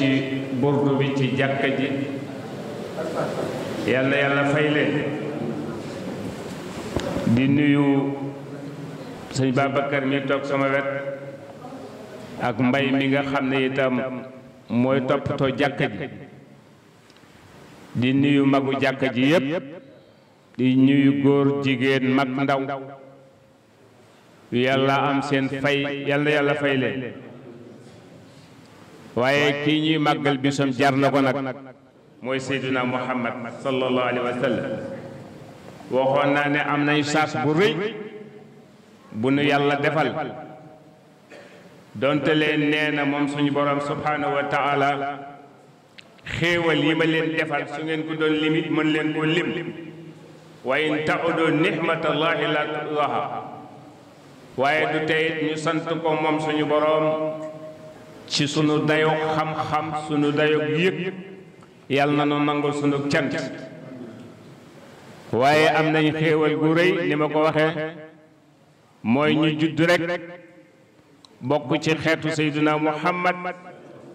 ci burdu bi ci jàkka ji yàlla yàlla fay leen di nuyu sëñ Babacar mi toog sama wet ak mbay mi nga xam ne itam mooy toppatoo jàkka ji di nuyu magu jàkka ji yépp di nuyu góor jigéen mag ndaw yàlla am seen fay yàlla yàlla fay leen waaye kii ñuy màggal bisam jar na ko nag mooy seyduna muhammad sallallahu alayhi wa sallam waxoon naa ne am nañ saas bu rëy bu nu yàlla defal donte leen nee na moom suñu borom subhaanahu wa taala xéewal yi ma leen defal su ngeen ko doon limit mën leen koo lim wa in ta'udu nihmatallahi la tuhaha waaye du teyit ñu sant ko moom suñu boroom ci sunu dayoog xam-xam sunu dayoog yëg yàlla na nu nangul sunu cant waaye am nañu xéewal gu rëy li ma ko waxee mooy ñu judd rek bokk ci xeetu sayduna muhammad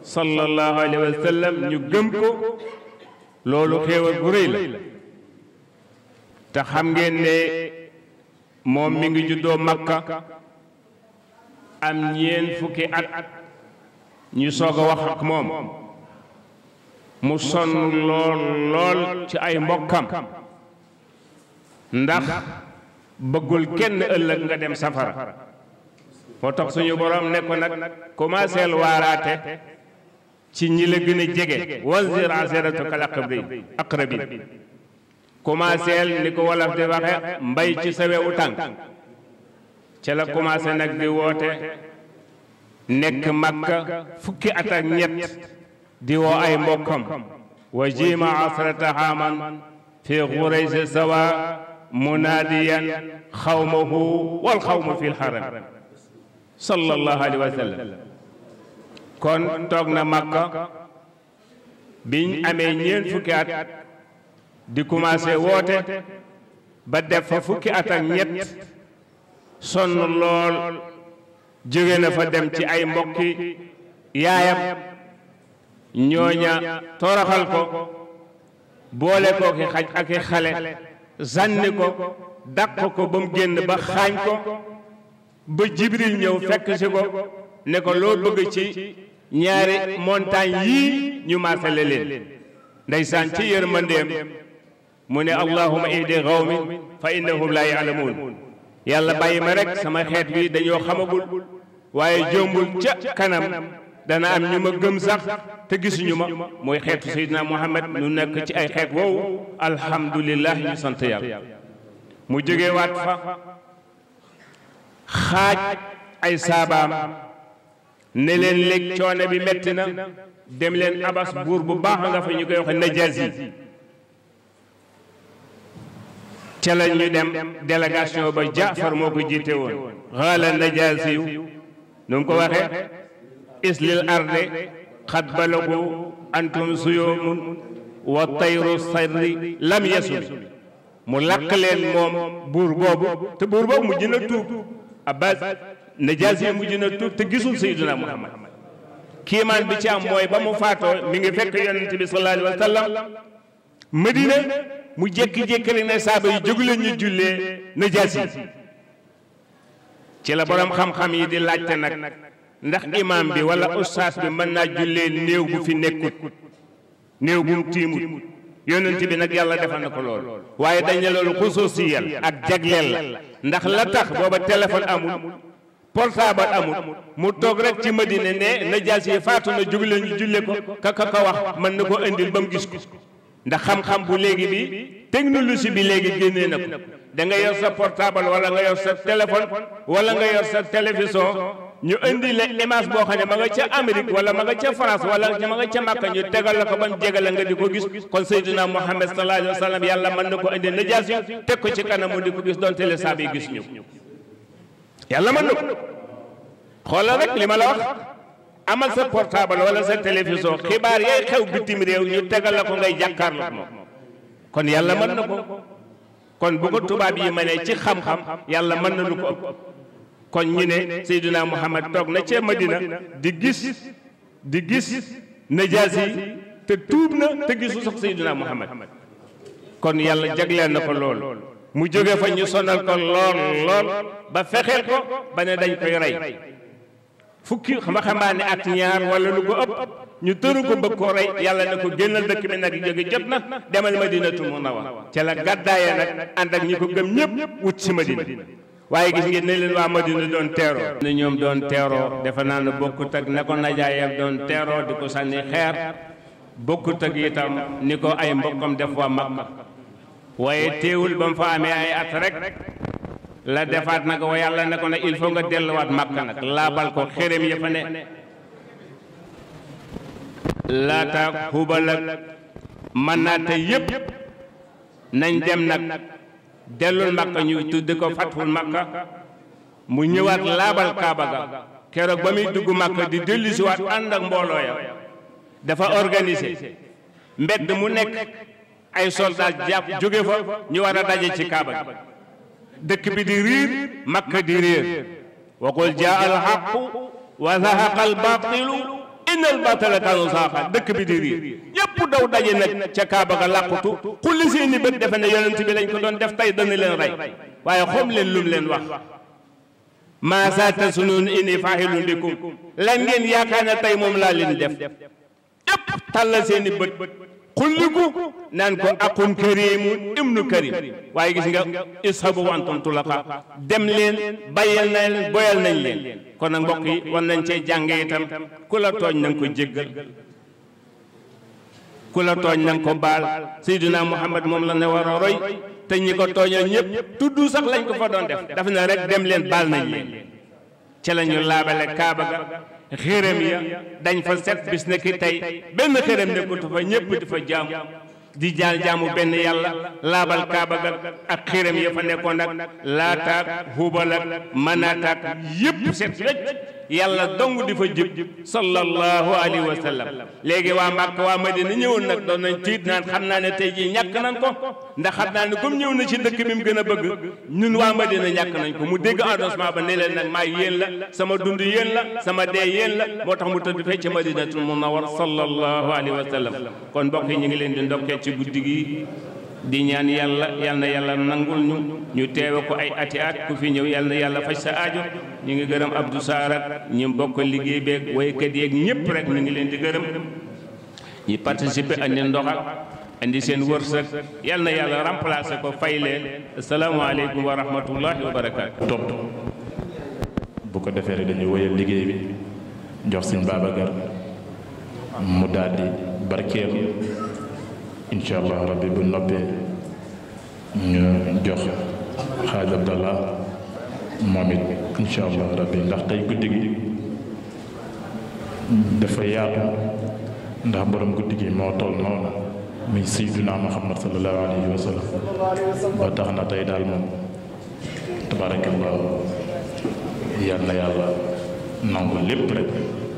sallallahu alayhi wa sallam ñu gëm ko loolu xéewal gu rëy la te xam ngeen ne moom mi ngi juddoo makka am ñeen fukki at ñu soog a wax ak moom mu sonn lool lool ci ay mbokkam ndax bëggul kenn ëllëg nga dem safara moo tax suñu borom ne ko nag commencé waaraate ci ñi la gën a jege wanzir asiratukal aqrabi aqrabi commencé ni ko wolof di waxe mbay ci sawe u tànk ca la commencé nag di woote nekk makka fukki at ak ñett di woo ay mbokkam wa jima asrata haaman fi xuraysi sawa munaadiyan xawmahu wal xawma fi lxaram sallallahu alayhi wa sallam kon toog na makka biñ amee ñeent fukki at di commencé woote ba def fa fukki at ak ñett sonn lool jóge na fa dem ci ay mbokki yaayam ñooña toroxal ko boole ko ki xaj ak i xale sànni ko dàq ko ba mu génn ba xaañ ko ba jibril ñëw fekk si ko ne ko loo bëgg ci ñaari montagne yii ñu maasale leen ndeysaan ci yërmandeem mu ne allahuma ihdi qawmi fa innahum laa yaalamuun yàlla bàyyi ma rek sama xeet wi dañoo xamagul waaye jombul ca kanam dana am ñu ma gëm sax te gisuñu ma mooy xeetu Seydina Muhammad nu nekk ci ay xeet woowu alhamdulillah ñu sant yàlla mu jóge waat fa xaaj ay saabaam ne leen léeg coono bi metti na dem leen abas buur bu baax nga fa ñu koy waxe najaas yi ca la ñu dem délégation ba jaafar moo ko jiite woon xaala najaas yu nu mu ko waxee islil arde xat balagu antum suyoomun wa tayru sarri lam yasumi mu lakk leen moom buur boobu te buur boobu mujj na tuub abbas najaas yi mujj na tuub te gisul sayyiduna muhammad kiimaan bi ci am mooy ba mu faatoo mi ngi fekk yonent bi sallallahu alayhi wa sallam madina mu saaba yi jóg leen jullee najaas yi ci la borom xam-xam yi di laajte nak ndax imam bi wala ustaas bi man na julle néew bu fi nekkut néew bu timut yonenti bi nak yàlla defal nako ko lool waaye dañ la loolu khususiyal ak jaglel la ndax la tax boba téléphone amul portable amul mu tok rek ci madina ne na jaal si faatu na ñu julle ko ka ka ko wax man nako andil bam gis ko ndax xam-xam bu léegi bi technologie bi léegi génnee nako da nga yor sa portable wala nga yor sa téléphone wala nga yor sa télévision ñu indi la image boo xam ne ma nga ca Amérique wala ma nga ca France wala ma nga ca Màkka ñu tegal la ko ba mu jege la nga di ko gis kon Seydina Muhammad sallallahu alayhi yàlla mën na ko indi ko ci kanamu di ko gis doon na ko li ma la wax amal sa portable wala sa télévision xibaar yay xew bitim réew ñu tegal la ko ngay jàkkaarloo moom kon yàlla mën na ko. kon bu ko tubaab yi ma mënee ci xam-xam yàlla mën na du ko ëpp kon ñu ne Seydina Muhammad toog na cee Madina di gis di gis najaas yi te tuub na te gisu sax Seydina Muhammad kon yàlla jagleel na ko lool mu jóge fa ñu sonal ko lool lool ba fexeel ko ba ne dañ koy rey fukki waxambaane ak ñaar wala lu ko ëpp ñu tëru ko bëgg ko rey yàlla na ko génnal dëkk bi nag jóge jot na demal ma madinatul munawwara ca la gàddaaya nag ànd ak ñi ko gëm ñëpp wut si madina waaye gis ngeen ne leen waa madina doon teeroo ne ñoom doon teeroo defe naa ne bokkut ak ne ko najaayam doon teeroo di ko sànni xeer bokkut ak itam ni ko ay mbokkam def waa Makka waaye teewul ba mu fa amee ay at rek la defaat nak wa yalla nak ne il faut nga wat makka la bal ko xerem ya fa ne laata hubal ak manaata yépp nañ dem nak delul makka ñu tudd ko fatul makka mu la bal kaaba ga kérok ba dugg makka di wat and ak mbolo ya dafa organiser mbedd mu nek ay soldat jàpp jóge fa ñu wara dajé ci kaaba دك بديرير مكة ديرير وقل جاء الحق وذهق الباطل إن الباطل كان زاقا دك بديرير يب دو داجي نك تشكابا غلاقتو كل سيني بد دفن يونت بي لنج دون دف تاي دن لين راي واي خوم لين لوم لين واخ ما ساتسنون اني فاهل لكم لان يا كان تاي موم لا لين دف يب تالا سيني بد xulliku naan ko aqun karimun ibnu karim waaye gis nga ishabu wa antum tulaqa dem leen bàyyal nañ leen boyal nañ leen kon nag mbokk yi war nañ cee jànge itam ku la tooñ na ko jéggal ku la tooñ na nga ko baal sayyidina muhammad moom la ne war a roy te ñi ko tooñal ñëpp tudd sax lañ ko fa doon def dafa na rek dem leen baal nañ leen ca la laabale kaaba ga xéeram ya dañ fa set bis ne tey benn xéeram nekkutu fa ñépp di fa jaam di jaal jaamu benn yàlla laabal kaaba ga ak xéeram ya fa nekkoon ak laataak xuubal ak manaataak yépp set wecc yàlla dong di fa jub sallallahu alayhi wa sallam léegi waa Màkka waa Madina ñëwoon nag doon nañ tiit naan xam naa ne tey jii ñàkk nañ ko ndax xam naa ne comme ñëw na ci dëkk bi mu gën a bëgg ñun waa Madina ñàkk nañ ko mu dégg annoncement ba ne leen nag maay yéen la sama dund yéen la sama dee yéen la moo tax mu tëdd fee ci Madinatul Munawwar sallallahu alayhi wa sallam kon mbokk yi ñu ngi leen di ndokkee ci guddi gi di ñaan yalla yalla na yàlla nangul ñu ñu teewe ko ay ati at ku fi ñëw yal na yàlla faj sa aajo ñu ngi gërëm Abdou Sarr ak ñi mbokk liggéey beeg waykat yeeg ñëpp rek ñu ngi leen di gërëm ñi participer andi ak andi seen wërsëg yal na yàlla remplacer ko fay leen asalaamaaleykum wa rahmatullahi wa barakaatu. top bu ko defee rek dañuy wéyal liggéey bi jox seen babagar mu daal di incha allah rabbi bu noppee ñu jox xaaj abdallah moom it incha allah rabbi ndax tey guddi gi dafa yaatu ndax boroom guddi gi moo toll noonu muy sayyiduna muhammad sallallahu alayhi wa sallam ba tax na tey daal moom tabarakallahu yal na yàlla nangu lépp rek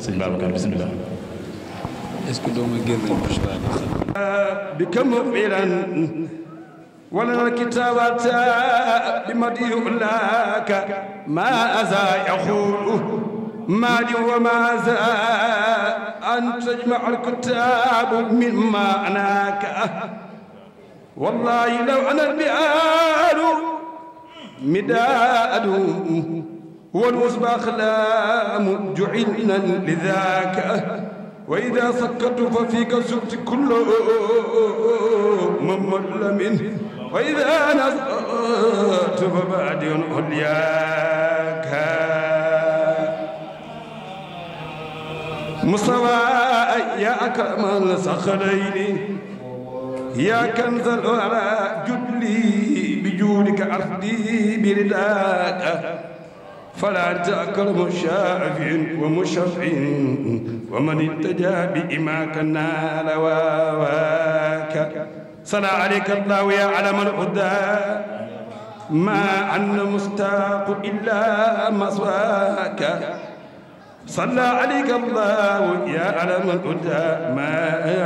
sëñ Babacar bisimilah بكم فعلا ولا كتابات بمدي لك ما ازا يقول ما دي وما ازا ان تجمع الكتاب من معناك والله لو انا البعال مداد والوصبا لا جعلنا لذاك وإذا سكت ففيك سكت كل من مظلم وإذا نزلت فبعد علياك مصطفى يا أكرم الصخرين يا كنز جد لي بجودك أرضي برداك فلا أنت أكرم ومشفع ومن اتجى بإماك النار واواك صلى عليك الله يا علم الهدى ما أن مستاق إلا مصواك صلى عليك الله يا علم الهدى ما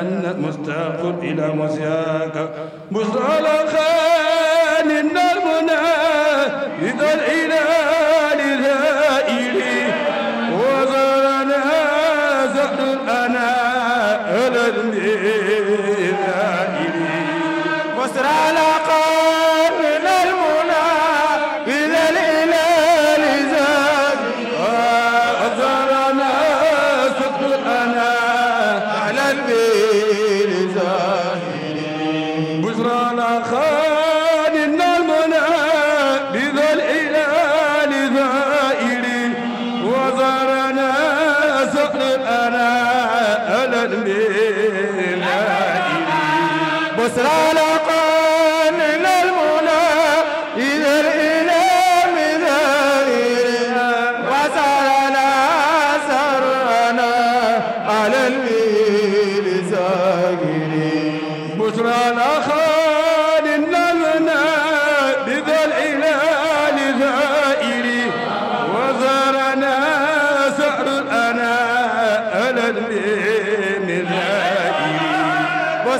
أن مستاق إلى مصياك النار المنى إذا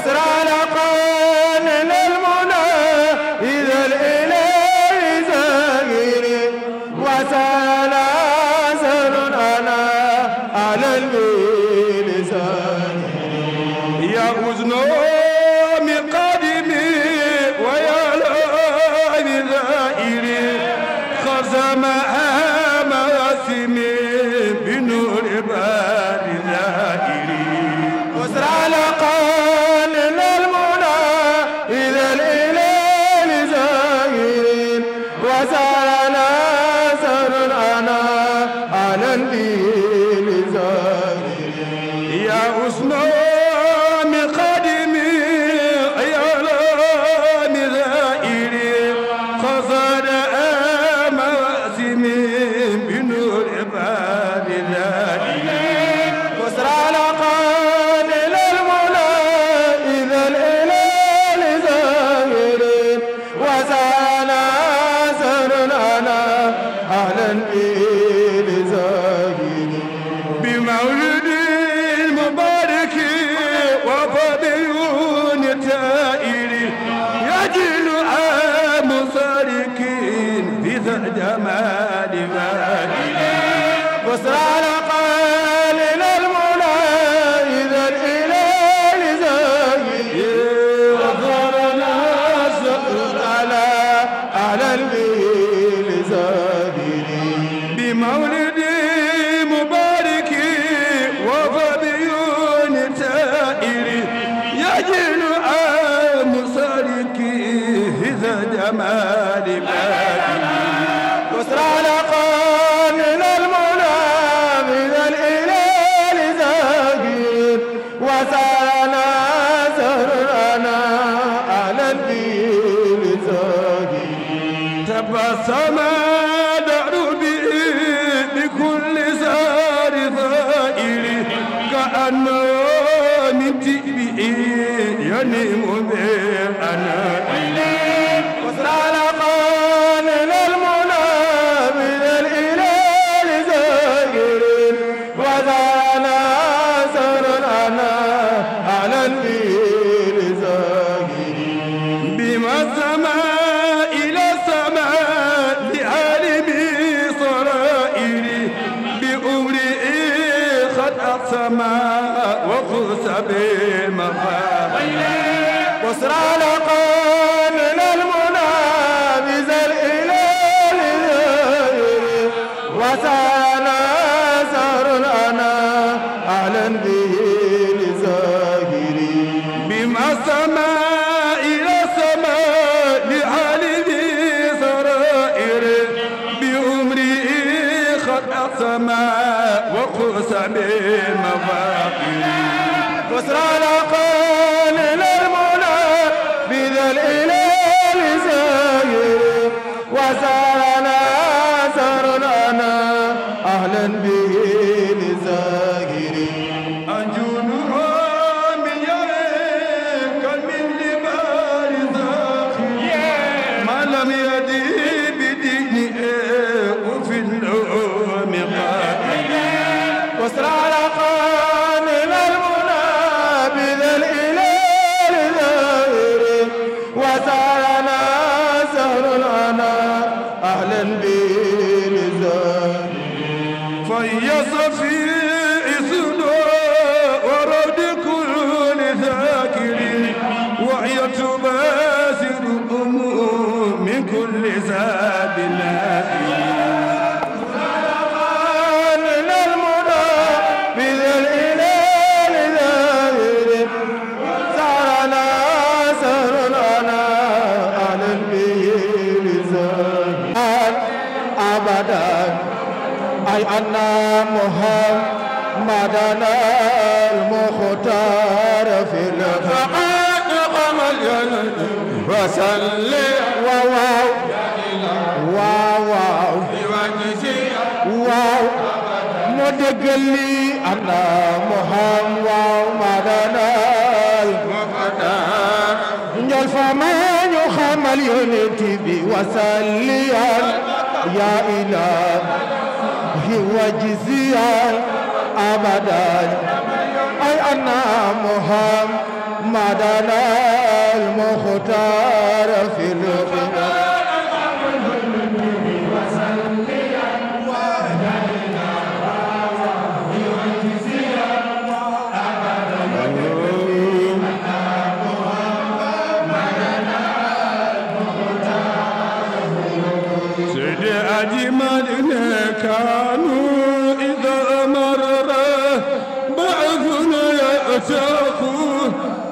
Nasrallah. كما لمن وسر على wasalaam وجزيا ابدا اي انا مهم محمدنا المختار في الغنى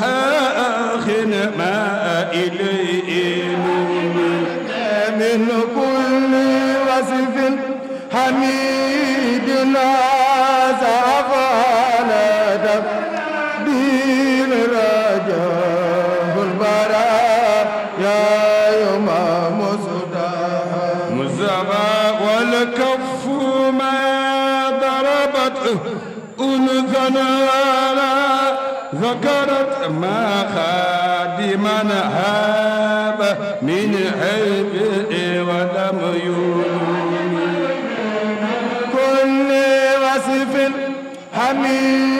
ها آخر ما إليه هاب من حبه ولم يولد كل وصف حميد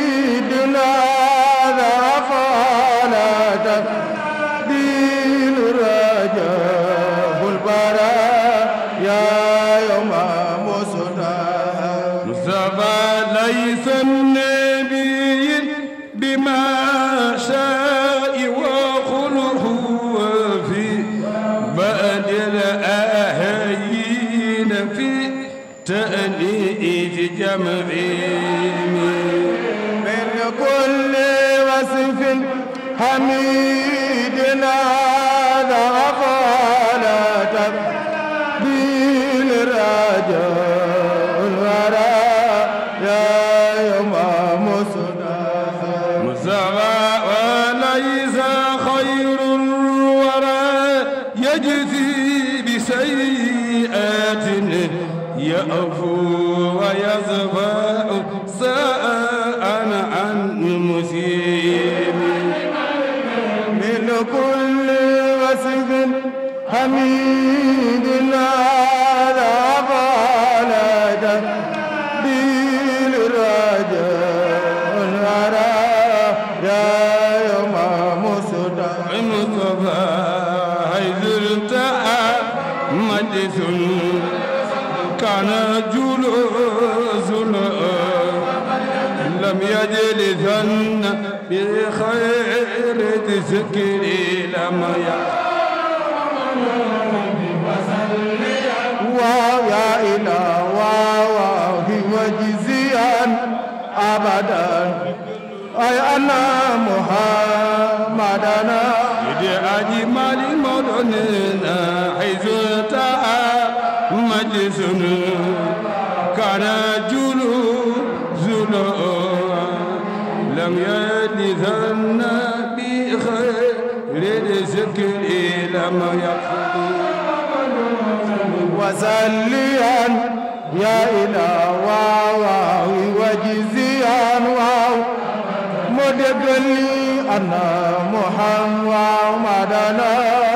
يجزي بسيئات يأفو ويزفع ساء عن مسيب من كل وصف حميد خير تسكري لما ويا إله واه وجزيا أبدا أي أنا محمدنا إذا أجمل مدننا حيث كما يقصد وسليا يا إله واو وجزيا واو مدقلي أنا محمد مدنا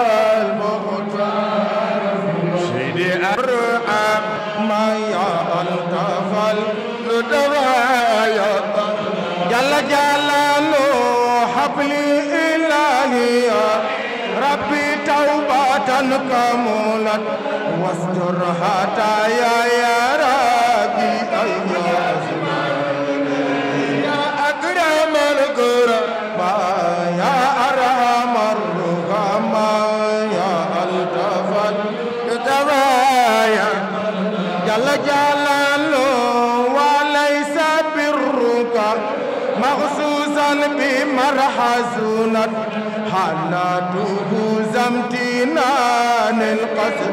كاملا واستر هدايا يا ربي يا أكرم الكرماء يا أرحم الرحماء يا ألطف الدوايا جل جلاله وليس برك مخصوصا بمرحزونة حالاته زمتي جنان القصر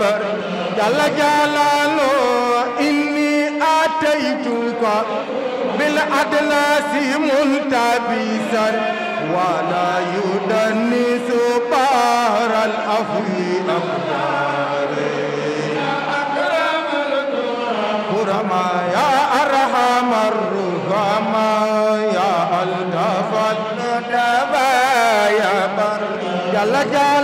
الخبر جل جلاله إني آتيتك بالأدلاس ملتبسا ولا يدنس بار الأفو أقدار يا أكرم الكرم يا أرحم الرحم يا ألطف الندب يا بر جل جل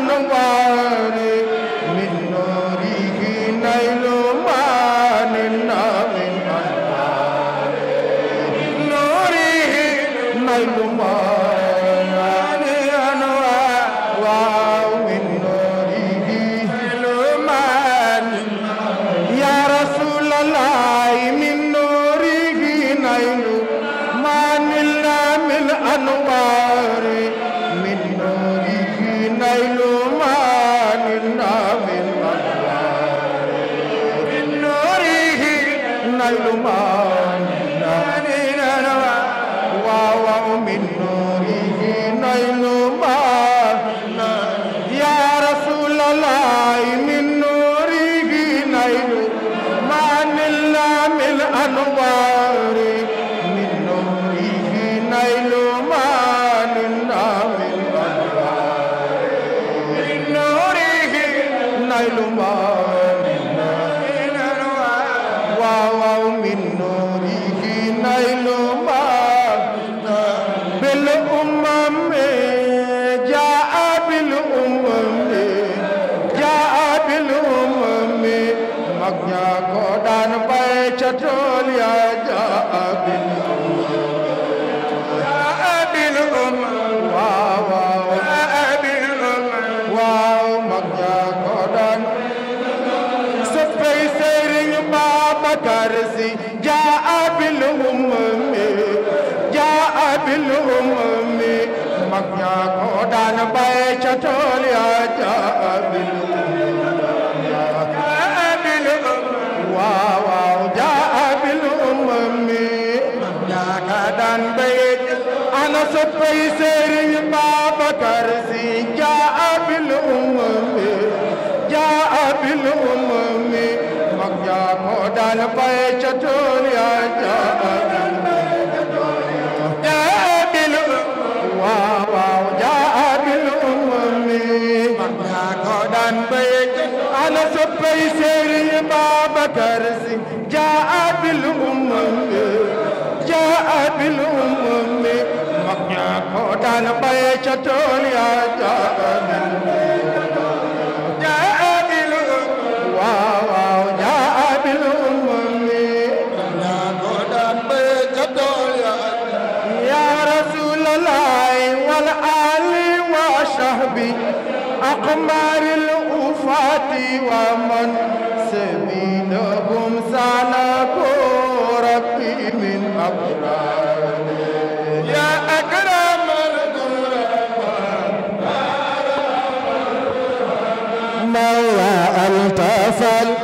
Nobody. I'm going to go to the hospital. من بيكة يا جابر جاء بالأمم يا رسول الله والآل وصحبي أقمار الأوفات ومن سبيلهم سالكوا من أبدا പറഞ്ഞാൽ